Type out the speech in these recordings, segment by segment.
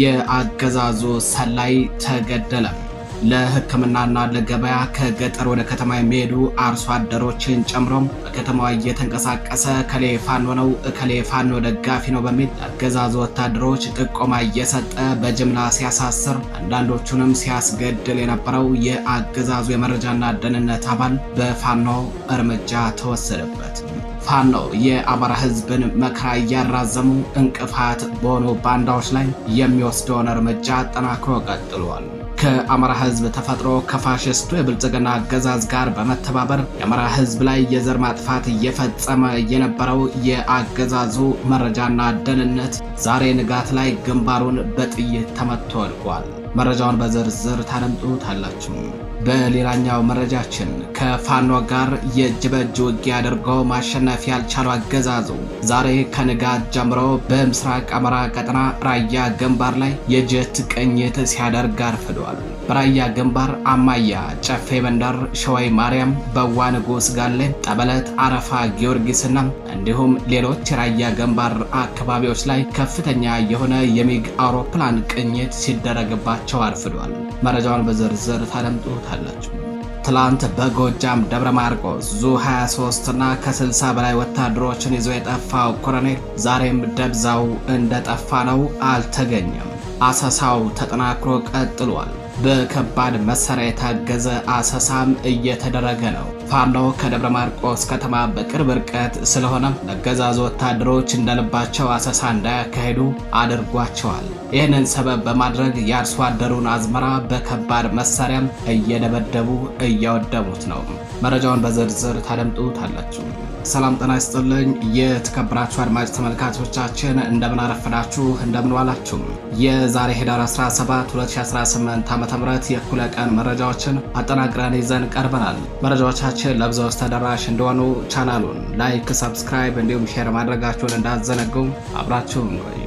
የአገዛዙ ሰላይ ተገደለ። ለሕክምናና ለገበያ ከገጠር ወደ ከተማ የሚሄዱ አርሶ አደሮችን ጨምሮም በከተማዋ እየተንቀሳቀሰ እከሌ ፋኖ ነው እከሌ ፋኖ ደጋፊ ነው በሚል አገዛዙ ወታደሮች ጥቆማ እየሰጠ በጅምላ ሲያሳስር አንዳንዶቹንም ሲያስገድል የነበረው የአገዛዙ የመረጃና ደህንነት አባል በፋኖ እርምጃ ተወሰደበት። ፋኖ የአማራ ህዝብን መከራ እያራዘሙ እንቅፋት በሆኑ ባንዳዎች ላይ የሚወስደውን እርምጃ አጠናክሮ ቀጥሏል። ከአማራ ህዝብ ተፈጥሮ ከፋሽስቱ የብልጽግና አገዛዝ ጋር በመተባበር የአማራ ህዝብ ላይ የዘር ማጥፋት እየፈጸመ የነበረው የአገዛዙ መረጃና ደህንነት ዛሬ ንጋት ላይ ግንባሩን በጥይት ተመትቶ ወድቋል። መረጃውን በዝርዝር ታደምጡታላችሁ። በሌላኛው መረጃችን ከፋኖ ጋር የእጅ በእጅ ውጊያ አድርገው ማሸነፍ ያልቻሉ አገዛዙ ዛሬ ከንጋት ጀምሮ በምስራቅ አማራ ቀጠና ራያ ግንባር ላይ የጀት ቅኝት ሲያደርግ አርፍዷል። ራያ ግንባር፣ አማያ፣ ጨፌ መንደር፣ ሸዋይ ማርያም፣ በዋ ንጉስ ጋሌ፣ ጠበለት፣ አረፋ ጊዮርጊስና እንዲሁም ሌሎች ራያ ግንባር አካባቢዎች ላይ ከፍተኛ የሆነ የሚግ አውሮፕላን ቅኝት ሲደረግባቸው አርፍዷል። መረጃውን በዝርዝር ታደምጡታላችሁ። ትላንት በጎጃም ደብረ ማርቆስ ዙ 23 እና ከ60 በላይ ወታደሮችን ይዞ የጠፋው ኮሎኔል ዛሬም ደብዛው እንደጠፋ ነው፣ አልተገኘም። አሰሳው ተጠናክሮ ቀጥሏል። በከባድ መሳሪያ የታገዘ አሰሳም እየተደረገ ነው። ፋኖ ከደብረ ማርቆስ ከተማ በቅርብ ርቀት ስለሆነም ለገዛዙ ወታደሮች እንደልባቸው አሰሳ እንዳያካሄዱ አድርጓቸዋል። ይህንን ሰበብ በማድረግ የአርሶ አደሩን አዝመራ በከባድ መሳሪያም እየደበደቡ እያወደሙት ነው። መረጃውን በዝርዝር ታደምጡታላችሁ። ሰላም ጤና ይስጥልኝ። የተከበራችሁ አድማጭ ተመልካቾቻችን እንደምን አረፈዳችሁ፣ እንደምን ዋላችሁ። የዛሬ ኅዳር 17 2018 ዓ.ም የእኩለ ቀን መረጃዎችን አጠናቅረን ይዘን ቀርበናል። መረጃዎቻ ዝግጅቶቻችን ለብዙዎች ተደራሽ እንደሆኑ ቻናሉን ላይክ፣ ሰብስክራይብ እንዲሁም ሼር ማድረጋችሁን እንዳዘነጉም አብራችሁን ቆዩ።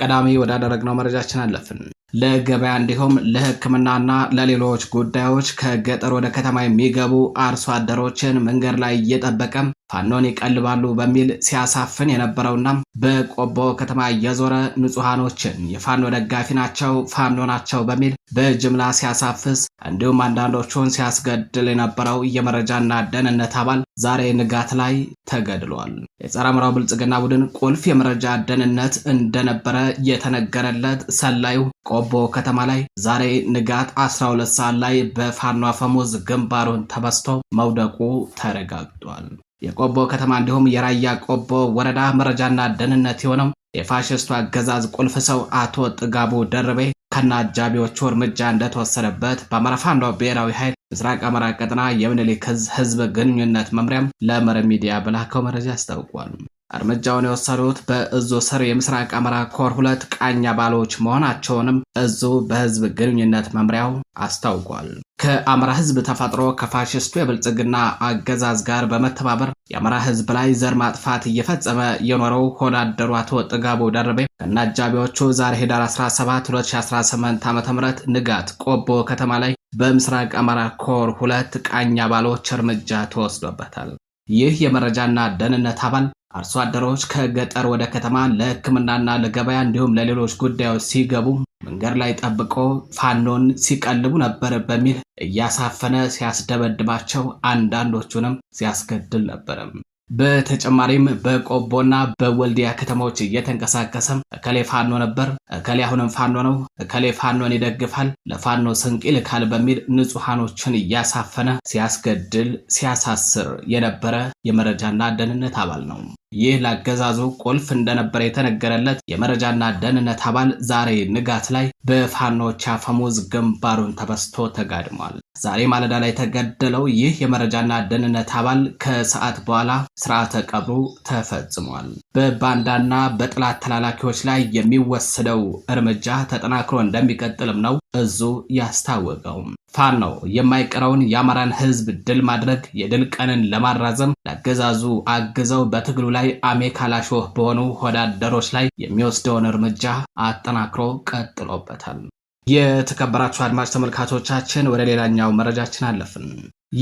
ቀዳሚ ወዳደረግነው መረጃችን አለፍን። ለገበያ እንዲሁም ለሕክምናና ለሌሎች ጉዳዮች ከገጠር ወደ ከተማ የሚገቡ አርሶ አደሮችን መንገድ ላይ እየጠበቀ ፋኖን ይቀልባሉ በሚል ሲያሳፍን የነበረውና በቆቦ ከተማ እየዞረ ንጹሐኖችን የፋኖ ደጋፊ ናቸው፣ ፋኖ ናቸው በሚል በጅምላ ሲያሳፍስ እንዲሁም አንዳንዶቹን ሲያስገድል የነበረው የመረጃና ደህንነት አባል ዛሬ ንጋት ላይ ተገድሏል። የጸረ ምራው ብልጽግና ቡድን ቁልፍ የመረጃ ደህንነት እንደነበረ የተነገረለት ሰላዩ ቆቦ ከተማ ላይ ዛሬ ንጋት 12 ሰዓት ላይ በፋኖ አፈሙዝ ግንባሩን ተበስቶ መውደቁ ተረጋግጧል። የቆቦ ከተማ እንዲሁም የራያ ቆቦ ወረዳ መረጃና ደህንነት የሆነው የፋሽስቱ አገዛዝ ቁልፍ ሰው አቶ ጥጋቡ ደርቤ ከነ አጃቢዎቹ እርምጃ እንደተወሰደበት በአማራ ፋኖ ብሔራዊ ኃይል ምስራቅ አማራ ቀጠና የምኒልክ ህዝብ ግንኙነት መምሪያም ለመረብ ሚዲያ በላከው መረጃ አስታውቋል። እርምጃውን የወሰዱት በእዙ ስር የምስራቅ አማራ ኮር ሁለት ቃኝ አባሎች መሆናቸውንም እዙ በህዝብ ግንኙነት መምሪያው አስታውቋል። ከአማራ ህዝብ ተፈጥሮ ከፋሽስቱ የብልጽግና አገዛዝ ጋር በመተባበር የአማራ ህዝብ ላይ ዘር ማጥፋት እየፈጸመ የኖረው ሆድ አቶ ጥጋቡ ደርቤ ከነ አጃቢዎቹ ዛሬ ኅዳር 17 2018 ዓ ም ንጋት ቆቦ ከተማ ላይ በምስራቅ አማራ ኮር ሁለት ቃኝ አባሎች እርምጃ ተወስዶበታል። ይህ የመረጃና ደህንነት አባል አርሶ አደሮች ከገጠር ወደ ከተማ ለሕክምናና ለገበያ እንዲሁም ለሌሎች ጉዳዮች ሲገቡ መንገድ ላይ ጠብቆ ፋኖን ሲቀልቡ ነበር በሚል እያሳፈነ ሲያስደበድባቸው አንዳንዶቹንም ሲያስገድል ነበርም። በተጨማሪም በቆቦና በወልዲያ ከተሞች እየተንቀሳቀሰ እከሌ ፋኖ ነበር፣ እከሌ አሁንም ፋኖ ነው፣ እከሌ ፋኖን ይደግፋል፣ ለፋኖ ስንቅ ይልካል በሚል ንጹሐኖችን እያሳፈነ ሲያስገድል ሲያሳስር የነበረ የመረጃና ደህንነት አባል ነው። ይህ ለአገዛዙ ቁልፍ እንደነበረ የተነገረለት የመረጃና ደህንነት አባል ዛሬ ንጋት ላይ በፋኖች አፈሙዝ ግንባሩን ተበስቶ ተጋድሟል። ዛሬ ማለዳ ላይ የተገደለው ይህ የመረጃና ደህንነት አባል ከሰዓት በኋላ ስርዓተ ቀብሩ ተፈጽሟል። በባንዳና በጥላት ተላላኪዎች ላይ የሚወሰደው እርምጃ ተጠናክሮ እንደሚቀጥልም ነው እዙ ያስታወቀው። ፋኖ የማይቀረውን የአማራን ህዝብ ድል ማድረግ የድል ቀንን ለማራዘም ለአገዛዙ አግዘው በትግሉ ላይ አሜካላሾህ በሆኑ ወዳደሮች ላይ የሚወስደውን እርምጃ አጠናክሮ ቀጥሎበታል። የተከበራችሁ አድማጭ ተመልካቾቻችን ወደ ሌላኛው መረጃችን አለፍን።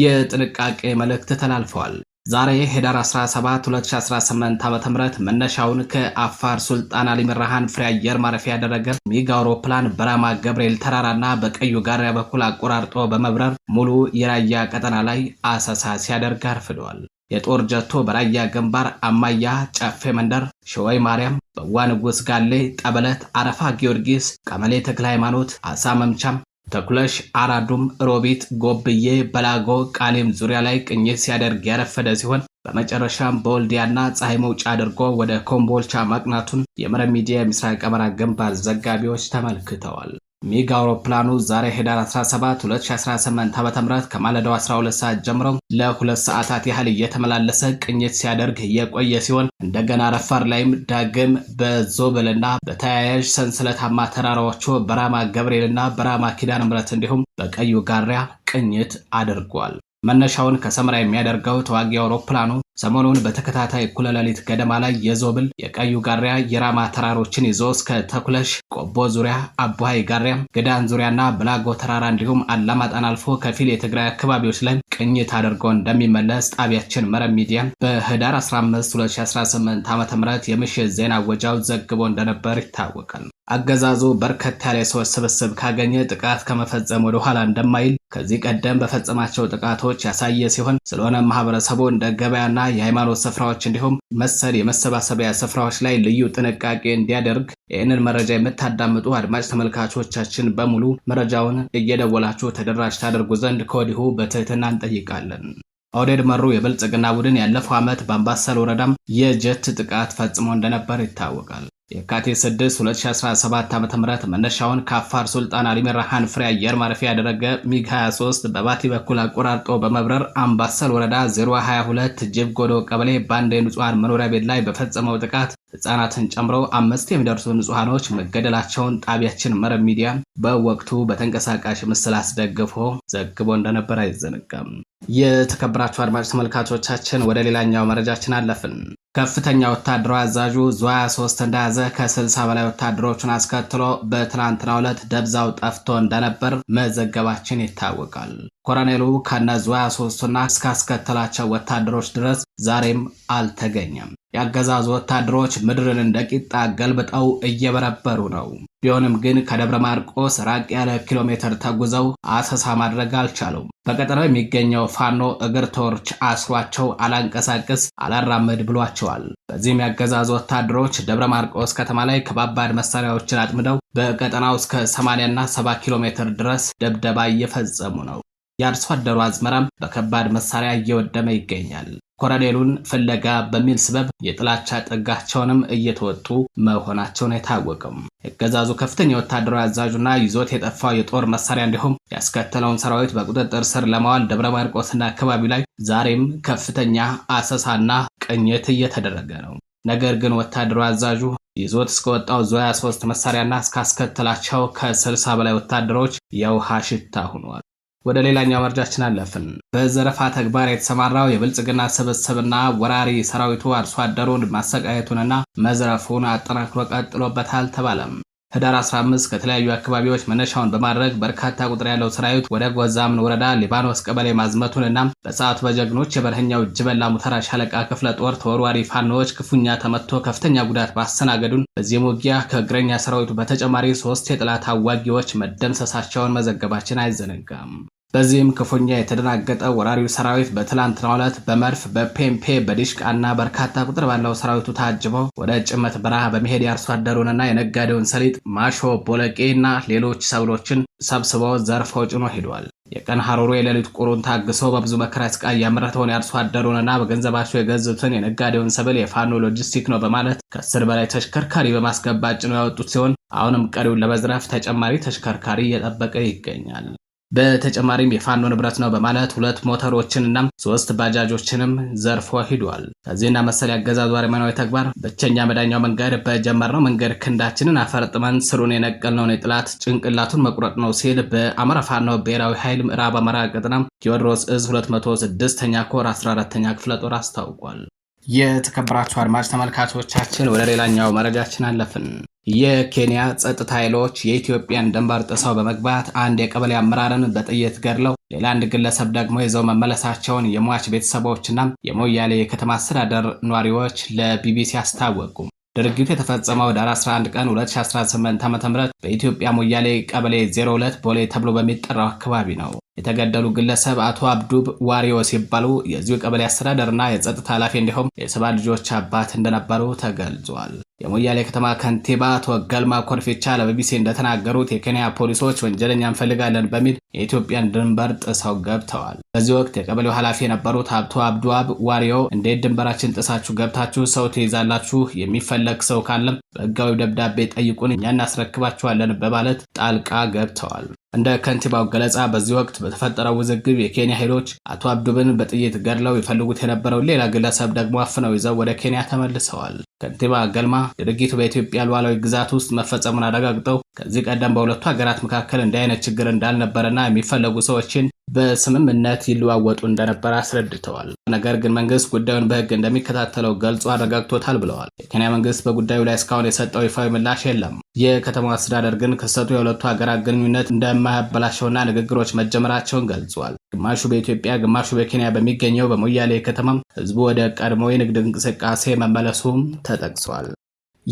የጥንቃቄ መልእክት ተላልፈዋል። ዛሬ ህዳር 17 2018 ዓ.ም መነሻውን ከአፋር ሱልጣን አሊምራሃን ፍሬ አየር ማረፊያ ያደረገ ሚግ አውሮፕላን በራማ ገብርኤል ተራራና በቀዩ ጋሪያ በኩል አቆራርጦ በመብረር ሙሉ የራያ ቀጠና ላይ አሰሳ ሲያደርግ አርፍደዋል። የጦር ጀቶ በራያ ግንባር አማያ፣ ጨፌ መንደር፣ ሸወይ ማርያም፣ በዋ ንጉስ ጋሌ፣ ጠበለት፣ አረፋ ጊዮርጊስ፣ ቀመሌ ተክለ ሃይማኖት፣ አሳ መምቻም፣ ተኩለሽ አራዱም ሮቢት፣ ጎብዬ፣ በላጎ ቃሊም ዙሪያ ላይ ቅኝት ሲያደርግ ያረፈደ ሲሆን በመጨረሻም በወልዲያና ፀሐይ መውጫ አድርጎ ወደ ኮምቦልቻ ማቅናቱን የመረብ ሚዲያ የምስራቅ አማራ ግንባር ዘጋቢዎች ተመልክተዋል። ሚግ አውሮፕላኑ ዛሬ ኅዳር 17 2018 ዓ.ም ከማለዳው 12 ሰዓት ጀምሮ ለሁለት ሰዓታት ያህል እየተመላለሰ ቅኝት ሲያደርግ የቆየ ሲሆን እንደገና ረፋር ላይም ዳግም በዞብልና በተያያዥ ሰንሰለታማ ተራራዎቹ በራማ ገብርኤልና በራማ ኪዳነ ምሕረት እንዲሁም በቀዩ ጋሪያ ቅኝት አድርጓል። መነሻውን ከሰመራ የሚያደርገው ተዋጊ አውሮፕላኑ ሰሞኑን በተከታታይ እኩለ ሌሊት ገደማ ላይ የዞብል የቀዩ ጋሪያ የራማ ተራሮችን ይዞ እስከ ተኩለሽ ቆቦ ዙሪያ አቡሃይ ጋሪያ ገዳን ዙሪያና ብላጎ ተራራ እንዲሁም አላማጣን አልፎ ከፊል የትግራይ አካባቢዎች ላይ ቅኝት አድርጎ እንደሚመለስ ጣቢያችን መረብ ሚዲያ በህዳር 15 2018 ዓ ም የምሽት ዜና ወጃው ዘግቦ እንደነበር ይታወቃል። አገዛዙ በርከት ያለ የሰዎች ስብስብ ካገኘ ጥቃት ከመፈጸም ወደ ኋላ እንደማይል ከዚህ ቀደም በፈጸማቸው ጥቃቶች ያሳየ ሲሆን ስለሆነ ማህበረሰቡ እንደ ገበያና የሃይማኖት ስፍራዎች እንዲሁም መሰል የመሰባሰቢያ ስፍራዎች ላይ ልዩ ጥንቃቄ እንዲያደርግ ይህንን መረጃ የምታዳምጡ አድማጭ ተመልካቾቻችን በሙሉ መረጃውን እየደወላችሁ ተደራሽ ታደርጉ ዘንድ ከወዲሁ በትህትና እንጠይቃለን። ኦዴድ መሩ የብልጽግና ቡድን ያለፈው ዓመት በአምባሰል ወረዳም የጀት ጥቃት ፈጽሞ እንደነበር ይታወቃል። የካቲት 6 2017 ዓ ም መነሻውን ከአፋር ሱልጣን አሊመራሃን ፍሬ አየር ማረፊያ ያደረገ ሚግ 23 በባቲ በኩል አቆራርጦ በመብረር አምባሰል ወረዳ 022 ጅብ ጎዶ ቀበሌ በአንድ የንጹሐን መኖሪያ ቤት ላይ በፈጸመው ጥቃት ህጻናትን ጨምሮ አምስት የሚደርሱ ንጹሐኖች መገደላቸውን ጣቢያችን መረብ ሚዲያ በወቅቱ በተንቀሳቃሽ ምስል አስደግፎ ዘግቦ እንደነበር አይዘነጋም። የተከበራችሁ አድማጭ ተመልካቾቻችን ወደ ሌላኛው መረጃችን አለፍን። ከፍተኛ ወታደራዊ አዛዡ ዙ 23 እንደያዘ ከ60 በላይ ወታደሮቹን አስከትሎ በትናንትና ዕለት ደብዛው ጠፍቶ እንደነበር መዘገባችን ይታወቃል። ኮሎኔሉ ከነዚ 23ቱና እስካስከተላቸው ወታደሮች ድረስ ዛሬም አልተገኘም። የአገዛዙ ወታደሮች ምድርን እንደ ቂጣ ገልብጠው እየበረበሩ ነው። ቢሆንም ግን ከደብረ ማርቆስ ራቅ ያለ ኪሎ ሜትር ተጉዘው አሰሳ ማድረግ አልቻሉም። በቀጠናው የሚገኘው ፋኖ እግር ቶርች አስሯቸው አላንቀሳቅስ አላራምድ ብሏቸዋል። በዚህም የአገዛዙ ወታደሮች ደብረ ማርቆስ ከተማ ላይ ከባባድ መሳሪያዎችን አጥምደው በቀጠናው እስከ 80 ና 70 ኪሎ ሜትር ድረስ ደብደባ እየፈጸሙ ነው። የአርሶ አደሩ አዝመራም በከባድ መሳሪያ እየወደመ ይገኛል። ኮሎኔሉን ፍለጋ በሚል ስበብ የጥላቻ ጥጋቸውንም እየተወጡ መሆናቸውን አይታወቅም። የአገዛዙ ከፍተኛ ወታደራዊ አዛዡና ይዞት የጠፋው የጦር መሳሪያ እንዲሁም ያስከተለውን ሰራዊት በቁጥጥር ስር ለማዋል ደብረ ማርቆስና አካባቢ ላይ ዛሬም ከፍተኛ አሰሳና ቅኝት እየተደረገ ነው። ነገር ግን ወታደራዊ አዛዡ ይዞት እስከወጣው ዙሪያ ሶስት መሳሪያና እስካስከተላቸው ከስልሳ በላይ ወታደሮች የውሃ ሽታ ሆኗል። ወደ ሌላኛው መረጃችን አለፍን። በዘረፋ ተግባር የተሰማራው የብልጽግና ስብስብና ወራሪ ሰራዊቱ አርሶ አደሩን ማሰቃየቱንና መዝረፉን አጠናክሮ ቀጥሎበታል ተባለም። ህዳር 15 ከተለያዩ አካባቢዎች መነሻውን በማድረግ በርካታ ቁጥር ያለው ሰራዊት ወደ ጎዛምን ወረዳ ሊባኖስ ቀበሌ ማዝመቱን እና በሰዓቱ በጀግኖች የበረሃኛው ጅበላ ሙተራ ሻለቃ ክፍለ ጦር ተወርዋሪ ፋኖዎች ክፉኛ ተመትቶ ከፍተኛ ጉዳት ማስተናገዱን፣ በዚህም ውጊያ ከእግረኛ ሰራዊቱ በተጨማሪ ሶስት የጠላት አዋጊዎች መደምሰሳቸውን መዘገባችን አይዘነጋም። በዚህም ክፉኛ የተደናገጠ ወራሪው ሰራዊት በትላንትናው ዕለት በመድፍ በፔምፔ በዲሽቃና በርካታ ቁጥር ባለው ሰራዊቱ ታጅበው ወደ ጭመት በረሃ በመሄድ የአርሶ አደሩንና የነጋዴውን ሰሊጥ፣ ማሾ፣ ቦለቄ እና ሌሎች ሰብሎችን ሰብስበው ዘርፈው ጭኖ ሂዷል። የቀን ሐሩሩ የሌሊት ቁሩን ታግሶ በብዙ መከራ ስቃይ ያመረተውን የአርሶ አደሩንና በገንዘባቸው የገዙትን የነጋዴውን ሰብል የፋኖ ሎጂስቲክ ነው በማለት ከስር በላይ ተሽከርካሪ በማስገባት ጭኖ ያወጡት ሲሆን አሁንም ቀሪውን ለመዝረፍ ተጨማሪ ተሽከርካሪ እየጠበቀ ይገኛል። በተጨማሪም የፋኖ ንብረት ነው በማለት ሁለት ሞተሮችንና ሶስት ባጃጆችንም ዘርፎ ሂዷል። ከዚህና መሰል ያገዛዙ አረመናዊ ተግባር ብቸኛ መዳኛው መንገድ በጀመርነው መንገድ ክንዳችንን አፈርጥመን ስሩን የነቀልነውን የጥላት ጭንቅላቱን መቁረጥ ነው ሲል በአማራ ፋኖ ብሔራዊ ኃይል ምዕራብ አማራ ቀጠና ቴዎድሮስ እዝ 26 ኛ ኮር 14ኛ ክፍለ ጦር አስታውቋል። የተከበራችሁ አድማጭ ተመልካቾቻችን ወደ ሌላኛው መረጃችን አለፍን። የኬንያ ጸጥታ ኃይሎች የኢትዮጵያን ድንበር ጥሰው በመግባት አንድ የቀበሌ አመራርን በጥይት ገድለው ሌላ አንድ ግለሰብ ደግሞ ይዘው መመለሳቸውን የሟች ቤተሰቦችና የሞያሌ የከተማ አስተዳደር ነዋሪዎች ለቢቢሲ አስታወቁ። ድርጊቱ የተፈጸመው ዳር 11 ቀን 2018 ዓ ም በኢትዮጵያ ሞያሌ ቀበሌ 02 ቦሌ ተብሎ በሚጠራው አካባቢ ነው። የተገደሉ ግለሰብ አቶ አብዱብ ዋሪዮ ሲባሉ የዚሁ ቀበሌ አስተዳደርና የጸጥታ ኃላፊ እንዲሁም የሰባት ልጆች አባት እንደነበሩ ተገልጿል። የሞያሌ ከተማ ከንቲባ አቶ ገልማ ኮርፌቻ ለቢቢሲ እንደተናገሩት የኬንያ ፖሊሶች ወንጀለኛ እንፈልጋለን በሚል የኢትዮጵያን ድንበር ጥሰው ገብተዋል። በዚህ ወቅት የቀበሌው ኃላፊ የነበሩት አብቶ አብዱዋብ ዋሪዮ እንዴት ድንበራችን ጥሳችሁ ገብታችሁ ሰው ትይዛላችሁ? የሚፈለግ ሰው ካለም በህጋዊ ደብዳቤ ጠይቁን፣ እኛ እናስረክባችኋለን በማለት ጣልቃ ገብተዋል። እንደ ከንቲባው ገለጻ በዚህ ወቅት በተፈጠረው ውዝግብ የኬንያ ኃይሎች አቶ አብዱብን በጥይት ገድለው ይፈልጉት የነበረውን ሌላ ግለሰብ ደግሞ አፍነው ይዘው ወደ ኬንያ ተመልሰዋል። ከንቲባ ገልማ ድርጊቱ በኢትዮጵያ ሉዓላዊ ግዛት ውስጥ መፈጸሙን አረጋግጠው ከዚህ ቀደም በሁለቱ ሀገራት መካከል እንዲህ አይነት ችግር እንዳልነበረና የሚፈለጉ ሰዎችን በስምምነት ይለዋወጡ እንደነበር አስረድተዋል። ነገር ግን መንግስት ጉዳዩን በህግ እንደሚከታተለው ገልጾ አረጋግቶታል ብለዋል። የኬንያ መንግስት በጉዳዩ ላይ እስካሁን የሰጠው ይፋዊ ምላሽ የለም። የከተማው አስተዳደር ግን ክስተቱ የሁለቱ ሀገራት ግንኙነት እንደማያበላሸውና ንግግሮች መጀመራቸውን ገልጿል። ግማሹ በኢትዮጵያ ግማሹ በኬንያ በሚገኘው በሞያሌ ከተማም ህዝቡ ወደ ቀድሞ የንግድ እንቅስቃሴ መመለሱም ተጠቅሷል።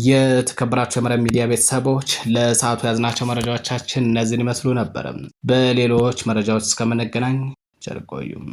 የተከበራቸው የመረብ ሚዲያ ቤተሰቦች ለሰዓቱ ያዝናቸው መረጃዎቻችን እነዚህን ይመስሉ ነበር። በሌሎች መረጃዎች እስከምንገናኝ ቸር ቆዩም።